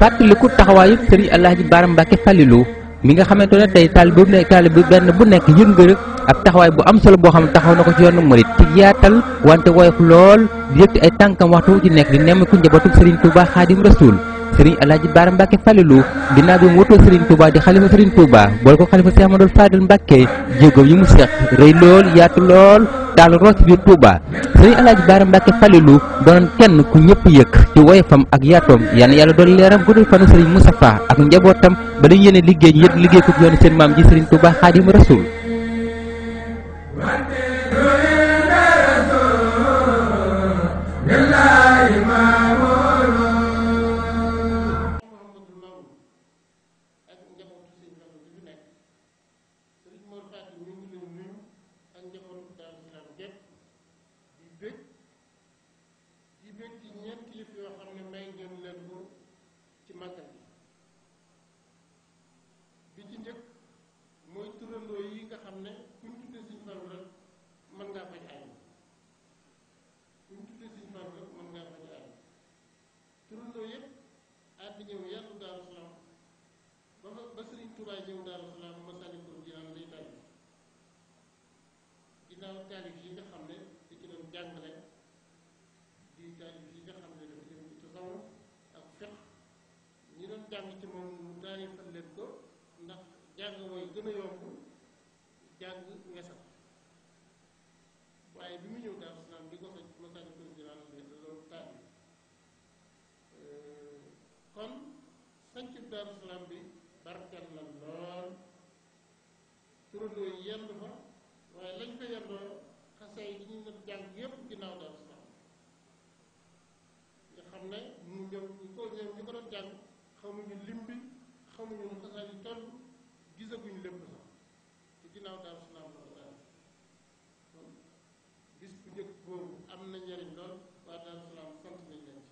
fàttaliku taxawaayu sëriñ Alaaji Baara Mbàkke Falilu mi nga xamante ne tey taali bu ne taali bu benn bu nekk yëngërëg ab taxawaay bu am solo boo xam ne taxaw na ko ci yoonu murit ci yaatal wante woyof lool di yëkkati ay tànkam waxtu wu ci nekk di nemmiku njabootu sëriñ Tuubaa Xaadim Rasuul sëriñ alaaji baara mbàkke falilu ginnaaw bi mu wutoo sëriñ touba di xalifa sëriñ touba boole ko xalifa seex amadul faadil mbàkke jéegoom yi mu seq rëy lool yaatu lool daal root ci biir touba sëriñ alaaji baara mbàkke falilu doonoon kenn ku ñëpp yëkk ci woyofam ak yaatoom yan na yàlla doon leeram guddul fanu sëriñ Moustapha ak njabootam ba dañu yéene liggéey ñu yët liggéey ko yoonu seen maam ji sëriñ touba xaadimu rasul xamuñu nu xasaay bi toll gisaguñ lépp sax te ginnaaw daal su naam la bu njëkk boobu am na njariñ lool waa Daaru Salaam sant nañ leen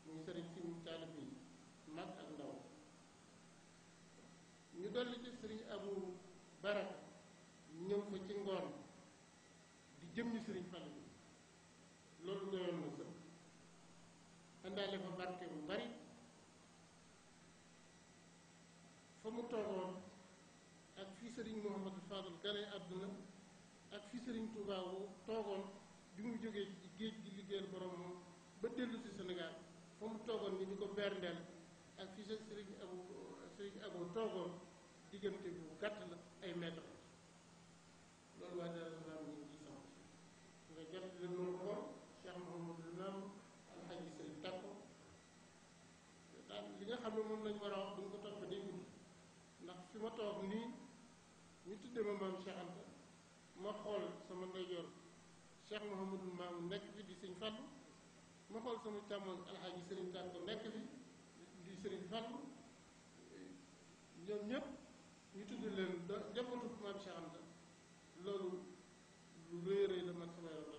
ci muy sëriñ mag ak ndaw ñu dolli ci sëriñ Abu Baraka ñëw fa ci ngoon di jëm ñu sëriñ toogoon bi mu jógee ci géej gi liggéeyal borom ba dellu si Sénégal fa mu toogoon ni di ko berndeel ak fi sa sëriñ abu toogoon diggante bu gàtt la ay mètre loolu waa dara salaam ñu ngi sant nga jot la ko Cheikh Mouhamadou li nga xam ne moom lañ war a ko topp day gudd Cheikh Mouhamadul Maamu nekk fi di sëñ Fàllu ma xool sama càmmoñ alxaaji sëriñ Tànko nekk fi di sëriñ Fàllu ñoom ñëpp ñu tudd leen da njabootu maam Cheikh Anta loolu lu rëy rëy la man sama yoon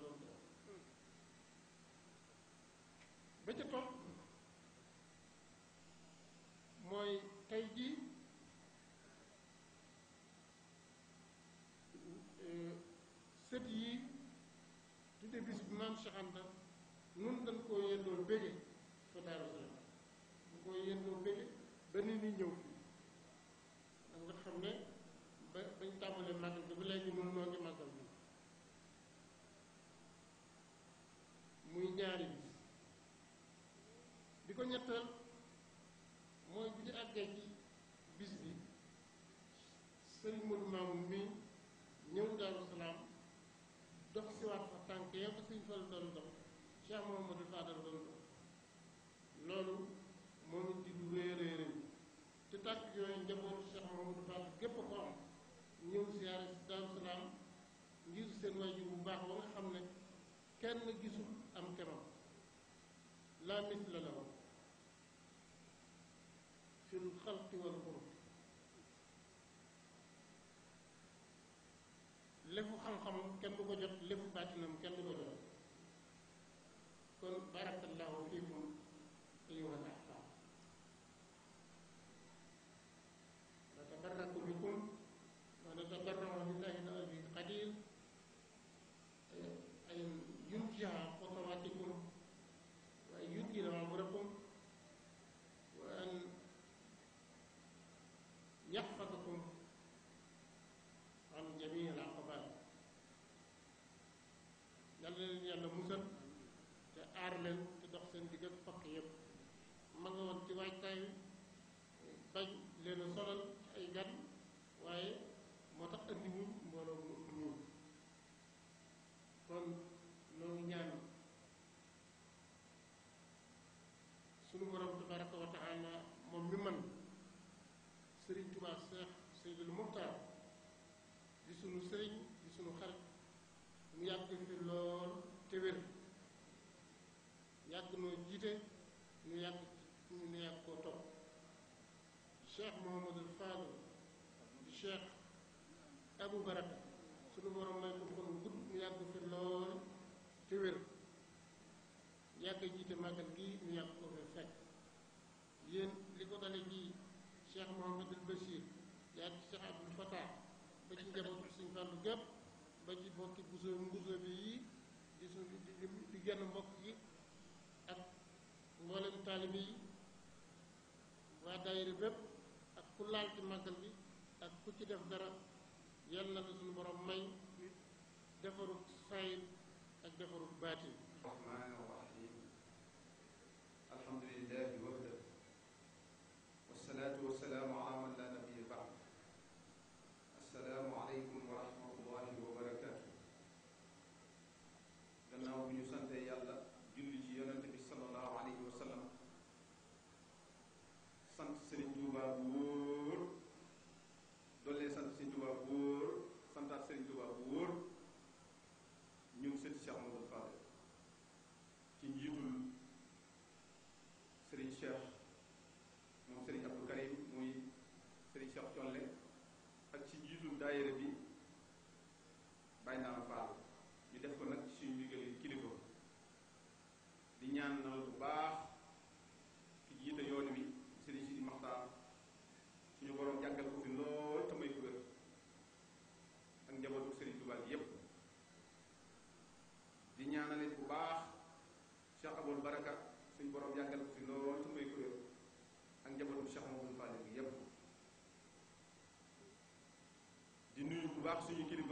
ko fi faatal doon loolu moo ngi di lu réy réy réy te tàkk yooyu njabootu Cheikh Mahamadou Fall gépp ko am ñëw siyaare si Daaru Salaam ngir seen waajur bu baax ba nga xam ne kenn gisul am kemam laa mit la la woon fi l xalqi wal xuluq lefu xam-xamam kenn du ko jot lefu bàttinam kenn du ko jot but faju barata suñu borom may ko fan gudd ñu yàgg fi lool te wér yàgg jiite màggal gi ñu yàgg ko fekk yéen li ko dale ji Cheikh Mouhamadul Bachir yàgg Cheikh Abdou Fatah ba ci njabootu suñ fàllu gépp ba ci bokki buso mbuso bi yi di su di genn mbokk yi ak mboolem taalibe yi waa daayira bépp ak ku laal ci màggal gi ak ku ci def dara yal na suñu borom may defarug saayir ak defarug baatin rahmaan rahim alhamdulilah wahda wasalaatu wasalaam bu baax suñu kilifa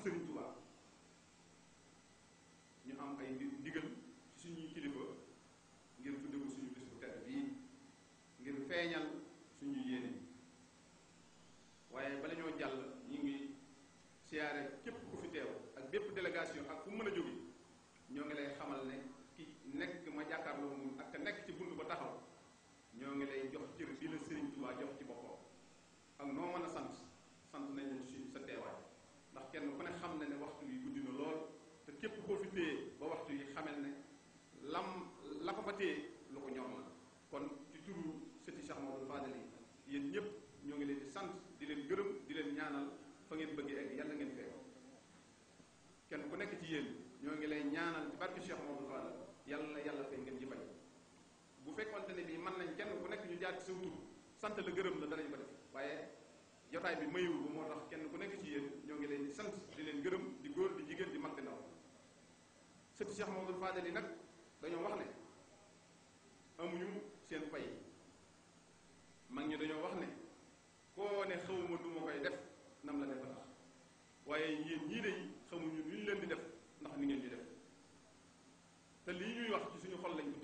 custa vincular? njabootu Cheikh Mamadou Fadel yi nag dañoo wax ne amuñu seen pay mag ñi dañoo wax ne koo ne xawma du ma koy def nam la def ndax waaye yéen ñii de xamuñu lu ñu leen di def ndax ni ngeen di def te lii ñuy wax ci suñu xol lañ ko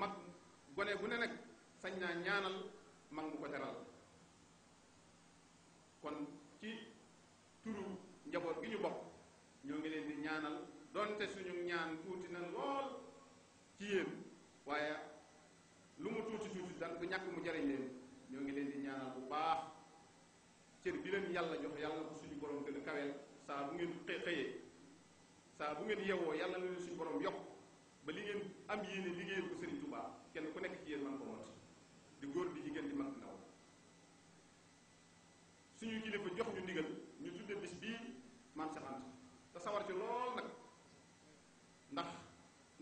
mag gone bu ne nag sañ naa ñaanal mag mu ko teral ñaanal donte suñu ñaan tuuti na lool ci yéen waaye lu mu tuuti tuuti dal ko ñàkk mu jariñ leen ñoo ngi leen di ñaanal bu baax cër bi leen yàlla jox yàlla ko suñu borom gën a kaweel saa bu ngeen xëyee saa bu ngeen yewoo yàlla na leen suñu borom yokk ba li ngeen am yéene liggéeyal ko sëriñ tubaa kenn ku nekk ci yéen man ko mot di góor di jigéen di mag ndaw suñu kilifa jox ñu ndigal ñu tudde bis bii man sa saxant sawar ci lool nag ndax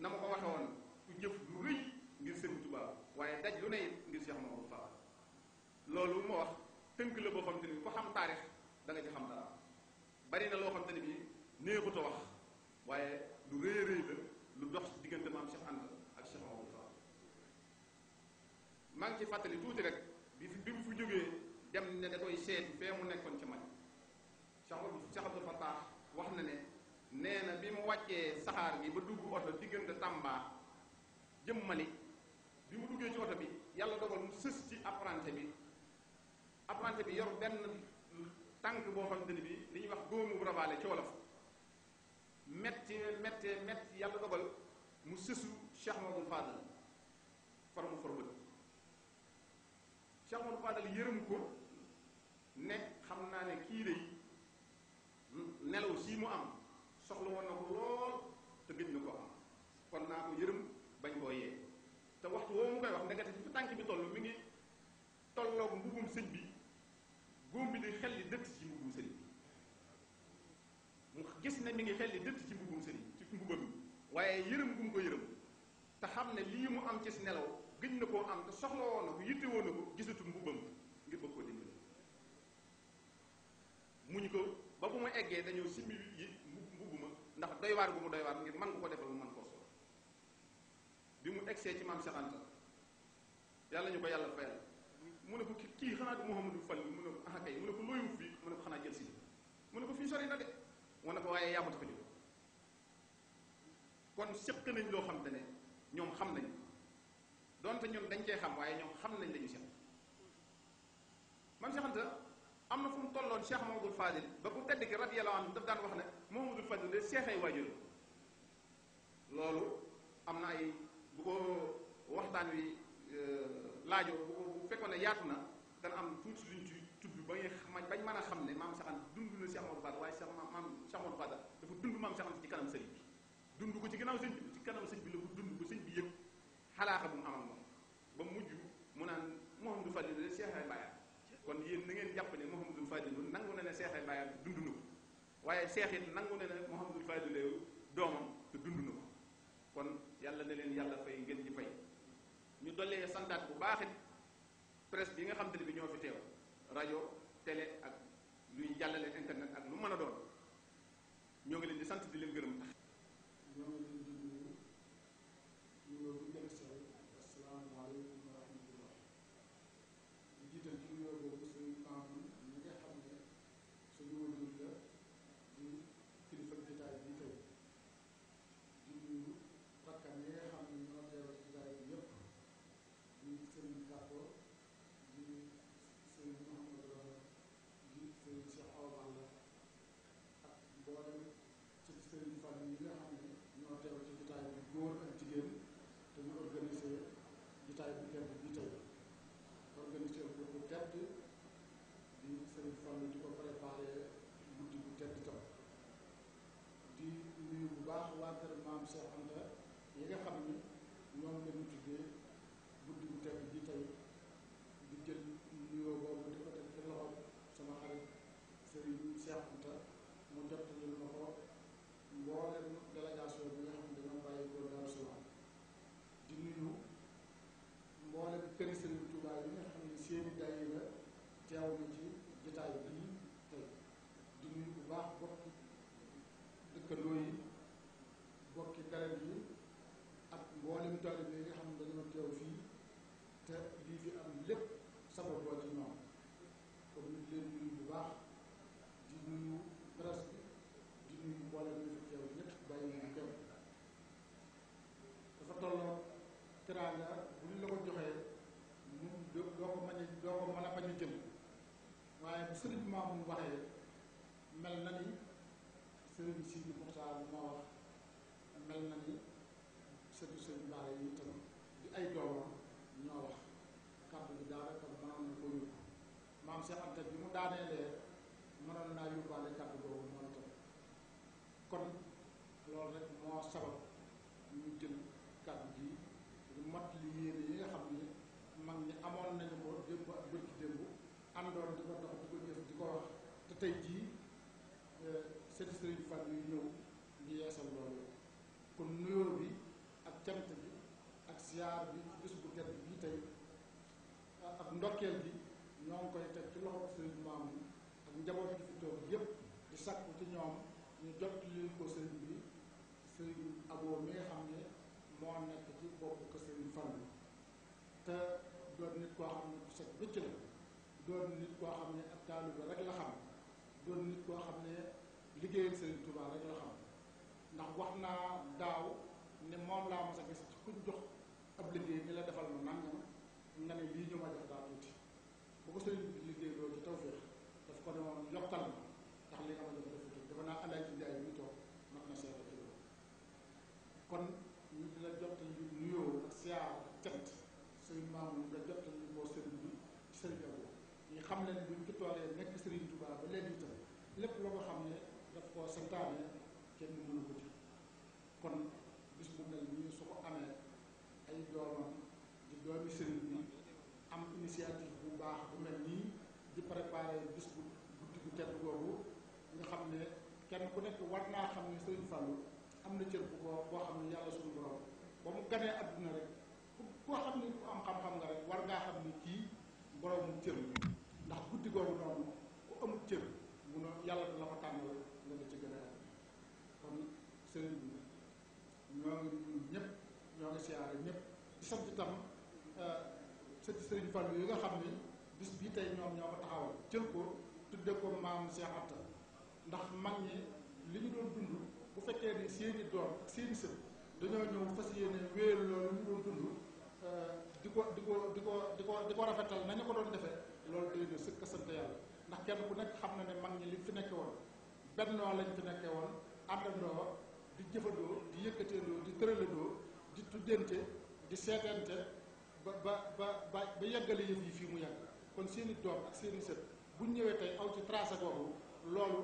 na ma ko waxe woon ku jëf lu rëy ngir Sëriñ Tuubaa waaye daj lu ne it ngir Cheikh Mamadou Fall loolu ma wax tënk la boo xam te ni ku xam taarix da ci xam dara bari na loo xam te bii néexut a wax waaye lu rëy rëy la lu dox diggante maam Cheikh Anta ak Cheikh Mamadou Fall maa ngi ci fàttali tuuti rek bi fi bi mu fi jógee dem ne da koy seeti fee mu nekkoon ci man Cheikh Abdou Cheikh Abdou Fattah nee na bi mu wàccee saxaar gi ba dugg oto diggante Tamba jëmmali bi mu duggee ci oto bi yàlla dogal mu sës ci apprenti bi apprenti bi yor benn tànk boo xam ne bi li ñuy wax góomu rabaale ci wolof metti metti metti yàlla dogal mu sësu Cheikh Mamadou Fadal far mu far yërëm ko ne xam naa ne kii de nelaw sii mu am soxla woon na ko lool te gëj na ko am kon naa ko yërëm bañ koo yee te waxtu woo mu koy wax ndekete fi tànk bi toll mi ngi tolloog mbubum sëñ bi góom bi di xel li dëtt ci mbubum sëriñ bi mu gis ne mi ngi xel li dëtt ci mbubum sëriñ ci mbubam bi waaye yërëm gu mu ko yërëm te xam ne lii mu am ci nelaw gëj na koo am te soxla woon na ko yitte woon na ko gisatul mbubam ngir bëgg koo dimbali muñ ko ba bu ma eggee dañoo simbi doy waar gu mu doy waar ngir man nga ko defal mu man koo sol bi mu egsee ci maam Cheikh yàlla ñu ko yàlla fayal mu ne ko kii xanaa du Mouhamadou Fall mu ne ko ah kay mu ne ko looyu fii mu ne ko xanaa jël si mu ne ko fii sori na de mu ne ko waaye yaa ma tax a jóg nañ loo xam ne ñoom xam nañ donte ñun dañ cee xam waaye ñoom xam nañ lañu séq maam Cheikh Anta am na fu mu tolloon Cheikh Mamadou Fadil ba bu tedd ki radiyallahu anhu daf daan wax n Mouhamadou Fadil de seex ay waajur loolu am na ay bu ko waxtaan wi euh, laajoo bu ko bu fekkoon ne yaatu na dana am tuuti luñ ci tudd ba nga bañ mën a xam ne maam saxan dund na Cheikh Amadou waaye Cheikh maam Cheikh Amadou Fadal dafa dund maam saxan ci kanam sëñ ko ci gannaaw sëñ kanam sëñ bi la ko dund xalaaxa bu mu amal mujj mu naan Mouhamadou Fadil de seex ay baayam kon yéen na ngeen jàpp ne Mouhamadou Fadil nangu na ne seex ay baayam dund na ko waaye seex it nangu ne ne Mouhamadul Fadil yow doomam te dund na ko kon yàlla na leen yàlla fay ngeen ñi fay ñu dollee santaat bu baax it presse bi nga xam bi ñoo fi teew rajo télé ak luy jàllale internet ak lu mën a doon ñoo ngi leen di sant di leen gërëm 살고 그 teraanga bu ñu la ko joxee moom doo ko mën a doo ko mën a bañ a waaye bu sëriñ waxee mel na ni sëriñ Sidi Muxtaar moo wax mel na ni sëriñ sëriñ Baara yi itam di ay doomam ñoo wax kàddu bi daanaka mënoon na ko yóbbu maam Cheikh Anta bi mu daaneelee boobu mi nga xam ne moo nekk ci boppu kër Sëriñ Fallu te doon nit koo xam ne bu set bëcc la doon nit koo xam ne ak taalibe rek la xam doon nit koo xam ne liggéeyal Sëriñ Tuubaa rek la xam ndax wax naa daaw ne moom laa mos a gis ci kuñ jox ab liggéey ni la defal ma nangam nga ne lii ñu ma jox daa tuuti bu ko sëriñ liggéey loolu ci tawféex daf ko ne yokkal ma ndax li nga ma jox dafa tuuti dafa naa àndaay ci njaay mi kon ñu di la jottali nuyoo ak siyaar ak cant sëriñ Mamoune la jottali ñu boo sëriñ bi ci sëriñ Abou ñu xam leen buñ ci toolee nekk sëriñ Touba ba léegi tam lépp loo ko xam ne daf koo santaane kenn mënu ko ci kon bis bu mel nii su ko amee ay doomam di doomi sëriñ bi am initiative bu baax bu mel nii di préparer bis bu guddi gu tedd googu nga xam ne kenn ku nekk war naa xam ne sëriñ Fallou am na cër bu ko boo xam ne yàlla suñu borom ba mu ganee adduna rek ku koo xam ne ku am xam-xam nga rek war ngaa xam ne kii boroomu cër la ndax guddi googu noonu ku amul cër mu ne yàlla da la ko ci gën a kon sëriñ bi ñoo ngi ñëpp ñoo ngi siyaare ñëpp di sant itam euh, sëriñ yi nga xam ne bis bii tey ñoom ñoo ko taxawal jël ko ko maam Cheikh Atta ndax mag ñi li ñu doon dund fekkee ni seeni doom seeni sët dañoo ñëw fas yéene wéeru loolu ñu doon dund euh, di ko di ko di ko di ko di ko rafetal nañu ko doon defee loolu day na sëkk sant yàlla ndax kenn ku nekk xam na ne mag ñi li fi nekke woon bennoo lañ fi nekke woon àndandoo di jëfandoo di yëkkateendoo di tëralandoo di tuddante di seetante ba ba ba ba ba yeggale yëf yi fii mu yàgg kon seeni doom ak seeni sët buñ ñëwee tey aw ci tracé googu loolu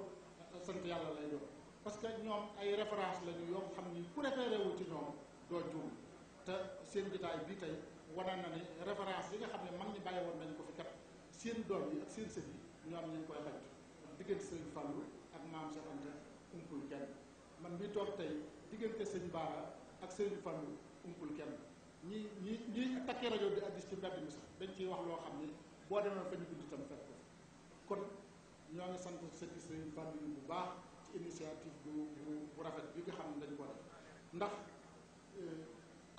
euh, sant yàlla lay doon parce que ñoom ay référence lañu yoo xam ni ku référé wu ci ñoom doo juum te seen jotaay bii tey wane na ni référence yi nga xam ne mag ñi bàyyi woon nañu ko fi kat seen doom yi ak seen sët yi ñoom ñu ngi koy xajtu diggante Sëriñ Fallu ak maam Cheikh Anta umpul kenn man mi toog tey diggante Sëriñ Baara ak Sëriñ Fallu umpul kenn ñi ñi ñi takkee rajo di addis ci mbedd mi sax dañ ciy wax loo xam ne boo demee fa ñu bind itam fekk ko kon ñoo ngi sant sëti Sëriñ Fallu bu baax initiative bu bu bu rafet bi nga xam ne dañ ko ndax euh,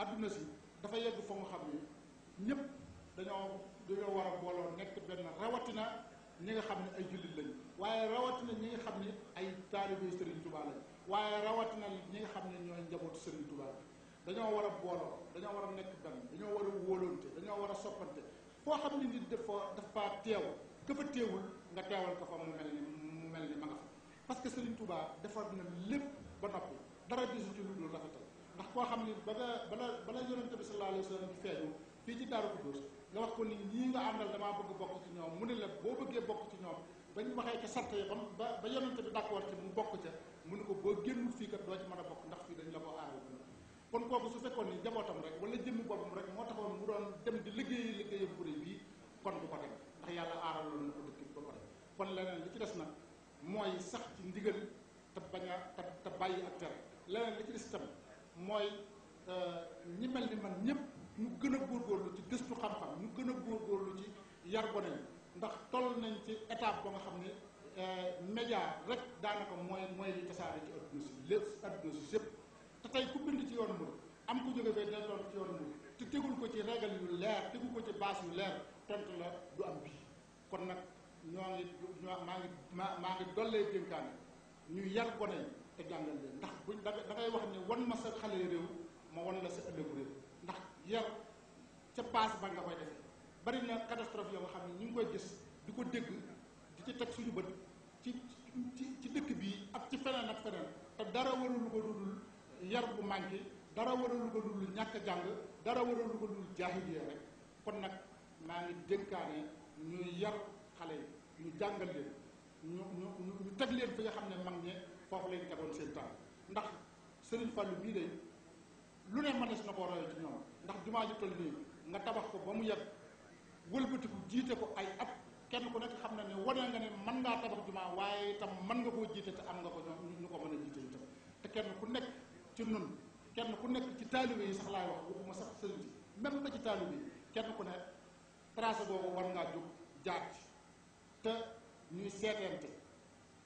adduna si dafa yegg fa nga xam ne ñëpp dañoo dañoo war a booloo nekk benn rawatina ñi nga xam ne ay jullit lañ waaye rawatina ñi nga xam ne ay taalibe Serigne Touba lañ waaye rawatina ñi nga xam ne ñooy njabootu Serigne Touba dañoo war a booloo dañoo war a nekk benn dañoo war a wóolonte dañoo war a soppante foo xam ne nit dafa dafa teew këfa teewul nga teewal ko fa mu mel ni mu mel ni ma nga fa parce que Serigne Touba defar na lépp ba noppi dara desu ci lu dul rafetal ndax koo xam ni ba nga bala bala yonente bi sallallahu alayhi wa sallam feeñu fii ci Daaru Kudus nga wax ko ni ñii nga àndal damaa bëgg bokk ci ñoom mu ne la boo bëggee bokk ci ñoom bañ waxee ca sart yi ba ba yonente bi d'accord ci mu bokk ca mu ne ko boo génnul fii kat doo ci mën a bokk ndax fii dañ la ko aaroo kon kooku su fekkoon ni njabootam rek wala jëmm boppam rek moo taxoon mu doon dem di liggéey liggéeyam kuréel bii kon du ko dem ndax yàlla aaral loolu na ko dëkk bi ba pare kon leneen li ci des nag mooy sax ci ndigal te bañ a te te bàyyi ak tere leneen li ci des itam mooy euh, ñi mel ni man ñëpp ñu gën a góorgóorlu ci gëstu xam-xam ñu gën a góorgóorlu ci yar gone yi ndax toll nañ ci étape ko nga xam ne euh, média rek daanaka mooy mooy li tasaare ci adduna si lépp adduna si yëpp te tey ku bind ci yoon mu am ku jóge fee del tontu ci yoon mu te tegul ko ci régal yu leer tegul ko ci baas yu leer tontu la du am bii kon nag ñoo ngi maa ngi maa maa ngi dollee dénkaane ñu yar gone yi te jàngal leen ndax buñ da ngay wax ne wan ma sa xale réew ma wan la sa ëllëgu réew ndax yar ca base ba nga koy defee bari na catastrophe yoo xam ne ñu ngi koy gis di ko dégg di ci teg suñu bët ci ci ci dëkk bii ab ci feneen ak feneen te dara warul ko dudul yar bu manqué dara warul ko dudul ñàkk jàng dara warul ko dudul jaahiliya rek kon nag maa ngi dénkaane ñuy yar xale yi ñu jàngal leen ñu ñu ñu teg leen fi nga xam ne mag ñe foofu lañ tegoon seen tànk ndax Serigne Fallou bii de lu ne mënees na ko royee ci ñoom ndax jumaa ji toll nii nga tabax ko ba mu yegg wëlbatiku jiite ko ay at kenn ku nekk xam na ne wane nga ne mën ngaa tabax jumaa waaye itam mën nga koo jiite te am nga ko ñu ko mën a jiite tam te kenn ku nekk ci nun kenn ku nekk ci taalibe yi sax laay wax waxuma sax sëriñ même na ci taalibe yi kenn ku ne tracé boobu war ngaa jóg jaar te ñuy seeteente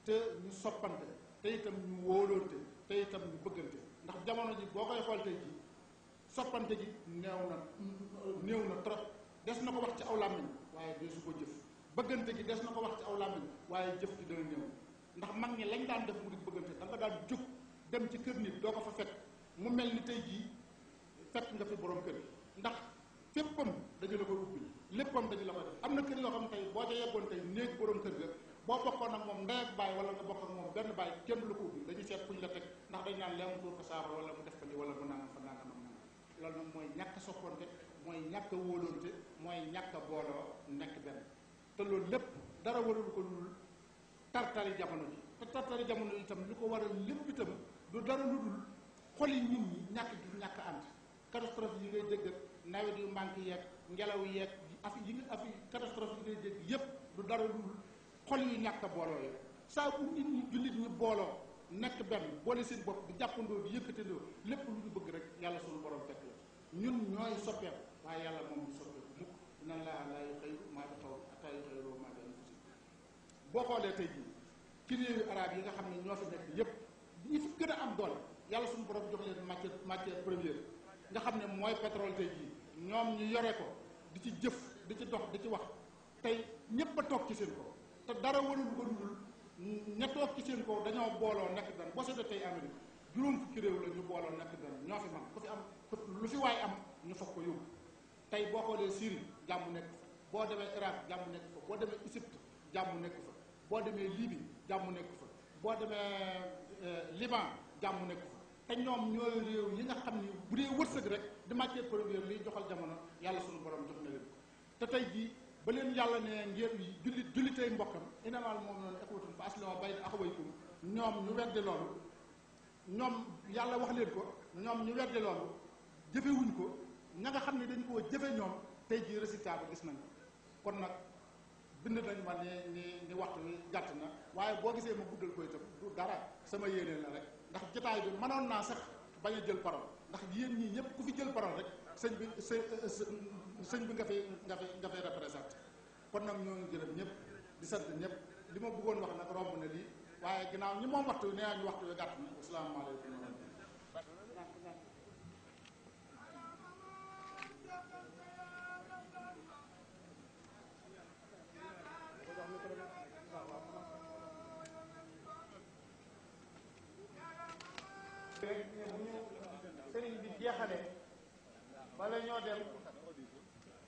te ñu soppante te itam ñu wóoloonte te itam ñu bëggante ndax jamono ji boo koy xool tey ji soppante gi néew na néew na trop des na ko wax ci aw làmmiñ waaye dee su ko jëf bëggante gi des na ko wax ci aw làmmiñ waaye jëf gi dana néew ndax mag ñi lañ daan def mu di bëggante da nga daan jóg dem ci kër nit doo ko fa fekk mu mel ni tey jii fekk nga fi borom kër ndax féppam dajale la ko ubbi léppam dañu la ko def am na kër yoo xam tey boo ca yeggoon tey néeg borom kër ga boo bokkoon ak moom ndey ak baay wala nga bokk ak moom benn baay kenn lu ko ubbi dañuy seet kuñ la teg ndax dañ naan leen tuur ko saafara wala mu loolu nag mooy ñàkk sopponte mooy ñàkk a wóolonte mooy ñàkk a booloo nekk benn te loolu lépp dara warul ko lul tartari jamono ji te tartari jamono ji itam li ko war waral lépp itam du dara lu dul xoli nit ñàkk gi ñàkk ànd catastrophe yi ngay dégg nawet yu manque yeeg ngelaw yeeg affaire yi nga affaire catastrophe yi du dara lu xol ñàkk a booloo yi bu nit ñi jullit ñi booloo nekk seen bopp di jàppandoo di lépp ñu bëgg rek yàlla suñu borom fekk ñun ñooy soppeeku waaye moom du soppeeku mukk dina laa laa yu boo xoolee tey jii ci réewu yi nga xam ne ñoo fi nekk yépp ñu fi gën a am doole yàlla suñu borom jox leen matière matière première nga xam ne mooy pétrole tey jii ñoom ñu yore ko di ci jëf di ci dox di ci wax tey ñépp a toog ci seen ko te dara warul ko dul ña toog ci seen kaw dañoo booloo nekk dan boo seetee tey Amérique juróom fukki réew la ñu booloo nekk dan ñoo fi man ku fi am lu fi waaye am ñu foog ko yóbbu tey boo xoolee Syrie jàmm nekk fa boo demee Irak jàmm nekk fa boo demee Égypte jàmm nekk fa boo demee Libye jàmm nekk fa boo demee euh, Liban jàmm nekk fa te ñoom ñooy réew yi nga xam ni bu dee wërsëg rek di matière première liy joxal jamono yàlla sunu borom jox te tey jii ba leen yàlla ne ngeen jullit jullitey mbokkam inamal moom noonu ixwatun fa aslihu bayna axawaykum ñoom ñu weddi loolu ñoom yàlla wax leen ko ñoom ñu weddi loolu jëfewuñ ko ña nga xam ne dañ koo jëfe ñoom tey jii résultat bi gis nañ kon nag bind nañ ma ni ni ni waxtu wi gàtt na waaye boo gisee ma guddal koy itam du dara sama yéene la rek ndax jotaay bi mënoon naa sax bañ a jël parole ndax yéen ñii ñëpp ku fi jël parole rek sëñ bi së sëñ bi nga fi nga fi nga fi représenté kon nag ñoo ngi gërëm ñëpp di sant ñëpp li ma buggoon wax nag romb na lii waaye ginnaaw ñi moom waxtu nee ñu waxtu wi gàtt na asalaamaaleykum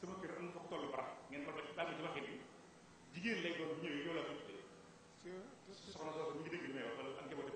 sama kër am na fa ko ba barax ngeen ko daal ma ci waxee jigéen lay doon bu ñëwee yow laa ko tuddee soxna soosu mi ngi dégg li may wax wala ak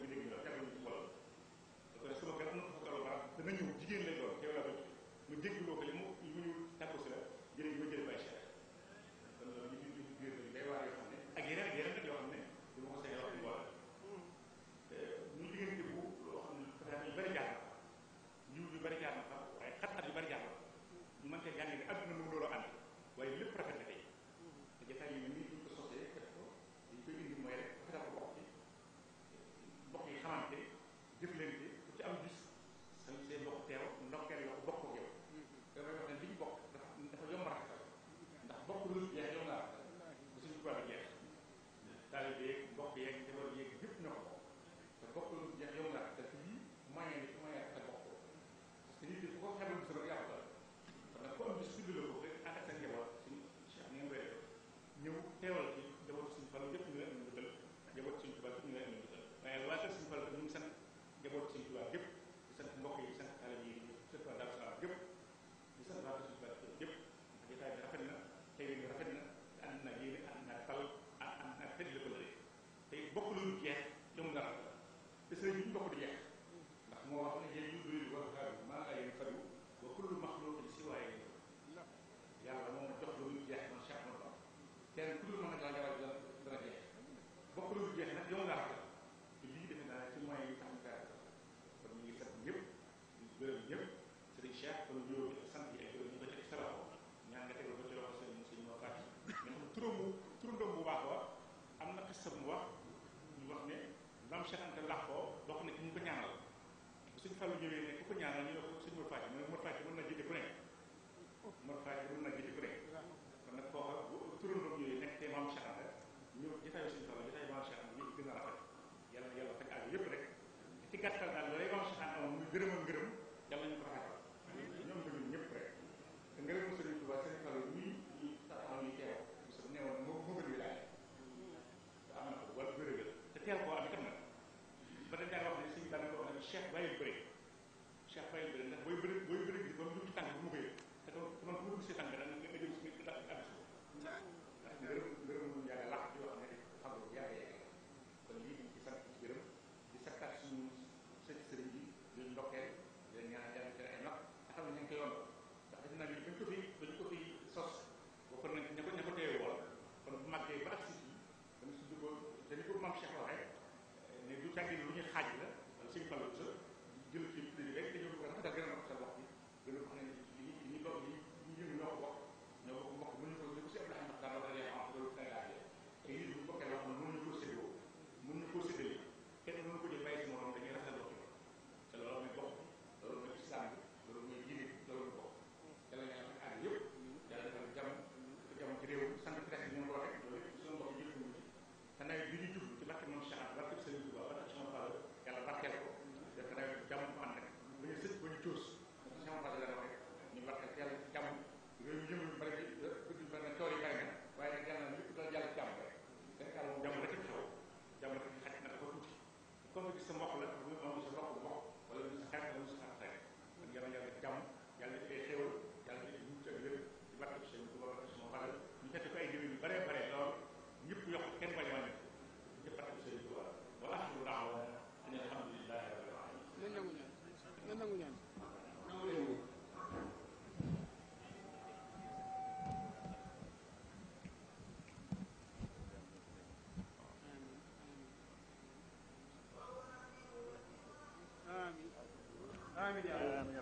Um,